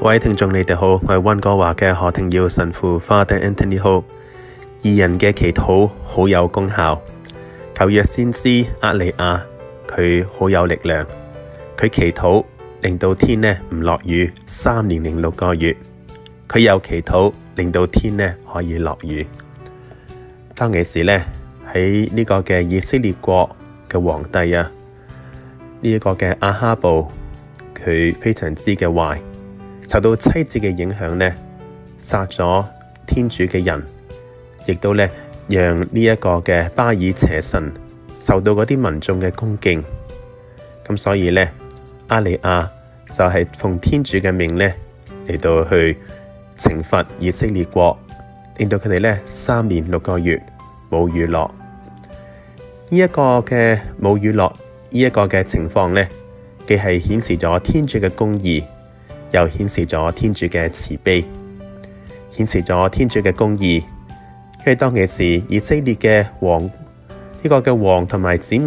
各位聽眾，你哋好，我係溫哥華嘅何庭耀神父。Father Anthony Ho，二人嘅祈禱好有功效。舊約先知厄利亞佢好有力量，佢祈禱令到天呢唔落雨三年零六個月。佢又祈禱令到天呢可以落雨。當其時呢，喺呢個嘅以色列國嘅皇帝啊，呢、這、一個嘅阿哈布佢非常之嘅壞。受到妻子嘅影響呢，殺咗天主嘅人，亦都咧讓呢一個嘅巴爾邪神受到嗰啲民眾嘅恭敬。咁所以呢，阿里亞就係奉天主嘅命咧嚟到去懲罰以色列國，令到佢哋呢三年六個月冇雨落。呢一個嘅冇雨落，呢一個嘅情況呢，既係顯示咗天主嘅公義。又顯示咗天主嘅慈悲，顯示咗天主嘅公義。因為當其時，以色列嘅王呢個嘅王同埋子民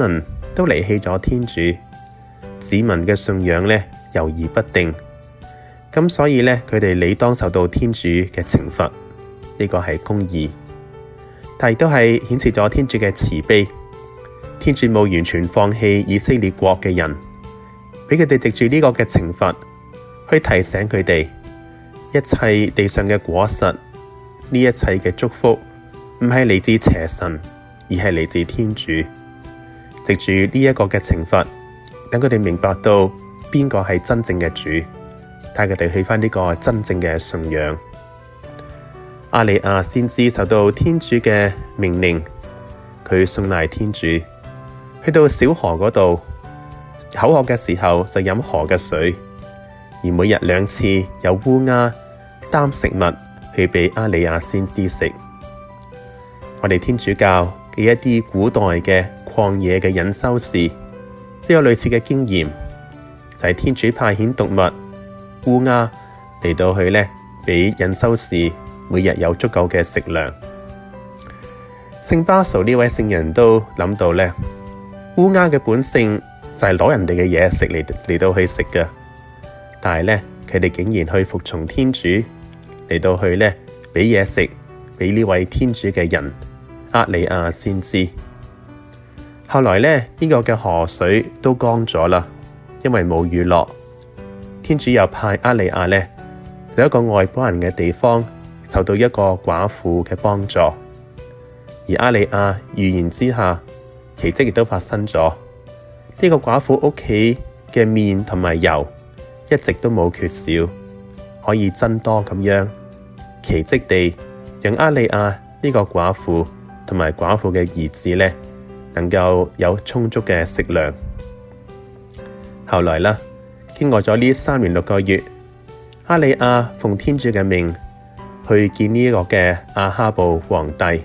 都離棄咗天主，子民嘅信仰咧猶豫不定。咁所以咧，佢哋理當受到天主嘅懲罰。呢個係公義，但亦都係顯示咗天主嘅慈悲。天主冇完全放棄以色列國嘅人，俾佢哋藉住呢個嘅懲罰，去提醒佢哋，一切地上嘅果實，呢一切嘅祝福，唔係嚟自邪神，而係嚟自天主。藉住呢一個嘅懲罰，等佢哋明白到邊個係真正嘅主，帶佢哋去翻呢個真正嘅信仰。阿里亞先知受到天主嘅命令，佢信賴天主，去到小河嗰度口渴嘅時候就飲河嘅水。而每日兩次有烏鴉擔食物去俾阿里亞先知食。我哋天主教嘅一啲古代嘅曠野嘅隱修士都有類似嘅經驗，就係天主派遣動物烏鴉嚟到去呢，俾隱修士每日有足夠嘅食糧。聖巴蘇呢位聖人都諗到呢，烏鴉嘅本性就係攞人哋嘅嘢食嚟嚟到去食㗎。但係咧，佢哋竟然去服從天主嚟到去咧，俾嘢食俾呢位天主嘅人。厄里亞先知後來咧，呢個嘅河水都乾咗啦，因為冇雨落。天主又派厄里亞咧，在一個外國人嘅地方，受到一個寡婦嘅幫助。而厄里亞預言之下，奇蹟亦都發生咗。呢個寡婦屋企嘅麵同埋油。一直都冇缺少，可以增多咁樣奇蹟地讓阿里亞呢個寡婦同埋寡婦嘅兒子咧，能夠有充足嘅食糧。後來啦，經過咗呢三年六個月，阿里亞奉天主嘅命去見呢一個嘅阿哈布皇帝，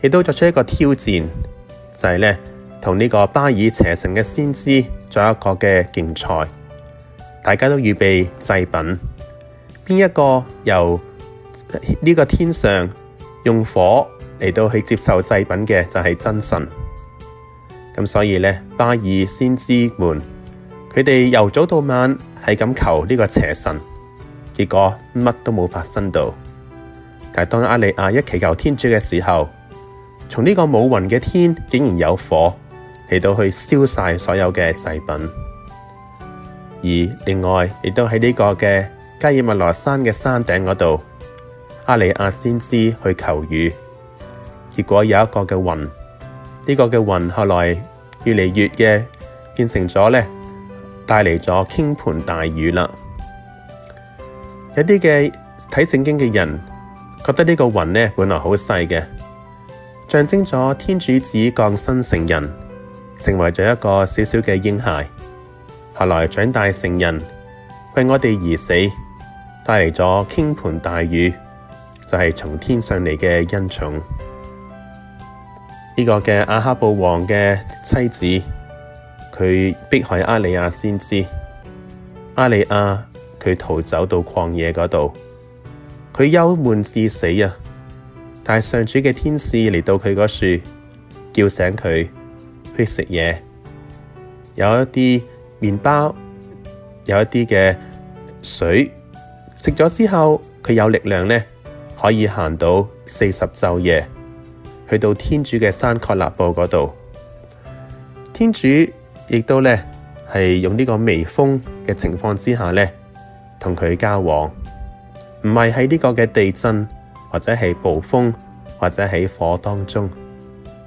亦都作出一個挑戰，就係咧同呢個巴爾邪神嘅先知做一個嘅競賽。大家都預備祭品，邊一個由呢個天上用火嚟到去接受祭品嘅就係真神。咁所以咧，巴爾先知們佢哋由早到晚係咁求呢個邪神，結果乜都冇發生到。但係當阿里亞一祈求天主嘅時候，從呢個冇雲嘅天竟然有火嚟到去燒晒所有嘅祭品。而另外亦都喺呢個嘅加爾默羅山嘅山頂嗰度，阿利亞先知去求雨，結果有一個嘅雲，呢、這個嘅雲後來越嚟越嘅變成咗咧，帶嚟咗傾盆大雨啦。有啲嘅睇聖經嘅人覺得呢個雲咧本來好細嘅，象徵咗天主子降生成人，成為咗一個小小嘅嬰孩。後來長大成人，為我哋而死，帶嚟咗傾盆大雨，就係、是、從天上嚟嘅恩寵。呢、這個嘅阿哈布王嘅妻子，佢逼害阿里亞先知，阿里亞佢逃走到曠野嗰度，佢憂悶至死啊！但上主嘅天使嚟到佢嗰樹，叫醒佢去食嘢，有一啲。麵包有一啲嘅水食咗之後，佢有力量呢，可以行到四十晝夜去到天主嘅山確立布嗰度。天主亦都呢，係用呢個微風嘅情況之下呢，同佢交往，唔係喺呢個嘅地震或者係暴風或者喺火當中，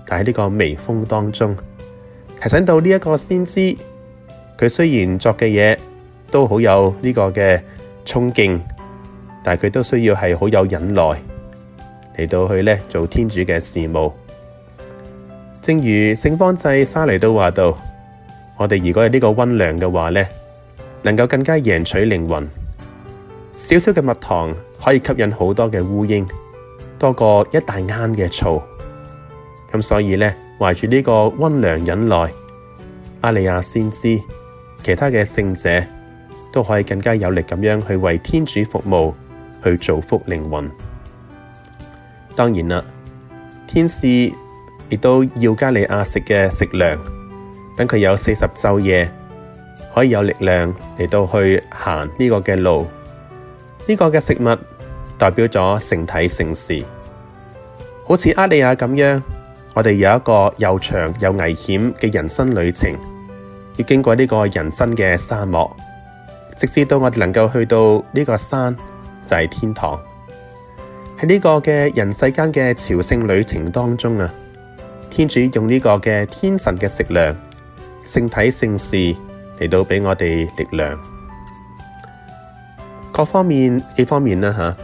但喺呢個微風當中提醒到呢一個先知。佢雖然作嘅嘢都好有呢個嘅衝勁，但係佢都需要係好有忍耐嚟到去做天主嘅事務，正如聖方濟沙雷都話到，我哋如果有呢個溫良嘅話呢，能夠更加贏取靈魂。小小嘅蜜糖可以吸引好多嘅烏蠅，多過一大罌嘅醋。咁所以呢，懷住呢個溫良忍耐，阿里亞先知，其他嘅聖者都可以更加有力咁樣去為天主服務，去造福靈魂。當然啦，天使亦都要加利亞食嘅食糧，等佢有四十晝夜可以有力量嚟到去行呢個嘅路。呢、這個嘅食物代表咗聖體聖事，好似阿利亞咁樣，我哋有一個又長又危險嘅人生旅程。要經過呢個人生嘅沙漠，直至到我哋能夠去到呢個山就係天堂。喺呢個嘅人世間嘅朝聖旅程當中啊，天主用呢個嘅天神嘅食糧、聖體聖事嚟到俾我哋力量。各方面幾方面啦吓，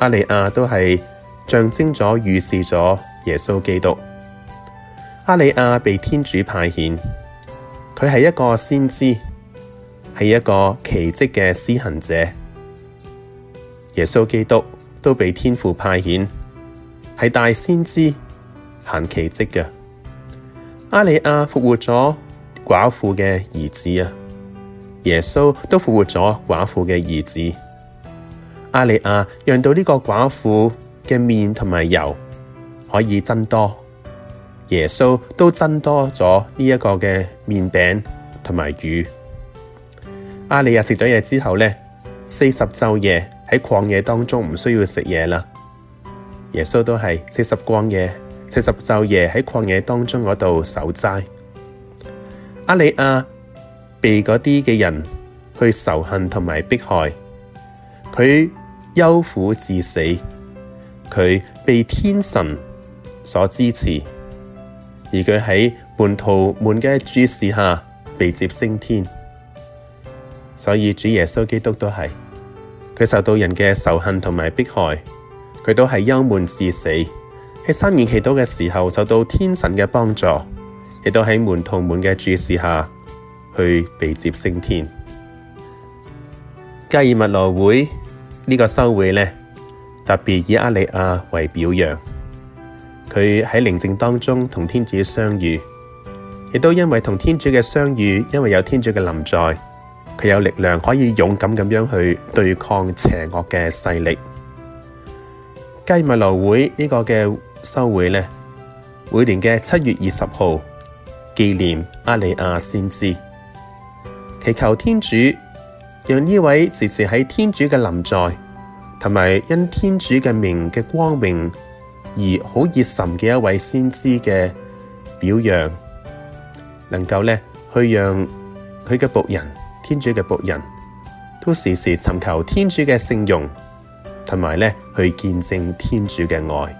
阿里亞都係象徵咗預示咗耶穌基督。阿里亞被天主派遣。佢係一個先知，係一個奇蹟嘅施行者。耶穌基督都被天父派遣，係大先知行奇蹟嘅。阿里亞復活咗寡婦嘅兒子。耶穌都復活咗寡婦嘅兒子。阿里亞讓到呢個寡婦嘅麵同埋油可以增多。耶穌都增多咗呢一個嘅麵餅同埋魚。阿里亞食咗嘢之後咧，四十晝夜喺曠野當中唔需要食嘢啦。耶穌都係四十光夜，四十晝夜喺曠野當中嗰度守齋。阿里亞被嗰啲嘅人去仇恨同埋迫害，佢憂苦致死，佢被天神所支持。而佢喺門徒們嘅注視下被接升天，所以主耶穌基督都係佢受到人嘅仇恨同埋迫害，佢都係幽悶致死。喺三年祈禱嘅時候受到天神嘅幫助，亦都喺門徒們嘅注視下去被接升天。加爾默羅會呢、這個修會呢，特別以厄利亞為表揚。佢喺寧靜當中同天主相遇，亦都因為同天主嘅相遇，因為有天主嘅臨在，佢有力量可以勇敢咁樣去對抗邪惡嘅勢力。加爾默羅會呢個嘅修會呢，每年嘅七月二十號，紀念阿里亞先知，祈求天主讓呢位時時喺天主嘅臨在，同埋因天主嘅名嘅光明。而好熱心嘅一位先知嘅表揚，能夠呢，去讓佢嘅僕人、天主嘅僕人都時時尋求天主嘅聖容，同埋呢去見證天主嘅愛，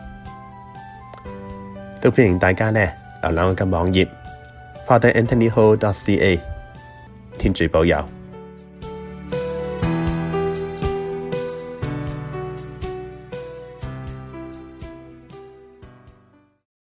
都歡迎大家呢，瀏覽我嘅網頁：FatherAnthonyHo.CA，天主保佑。